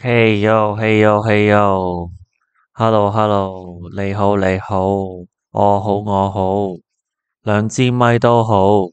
嘿喲，嘿喲，嘿喲！Hello，Hello，你好，你好，我好，我好，兩支咪都好。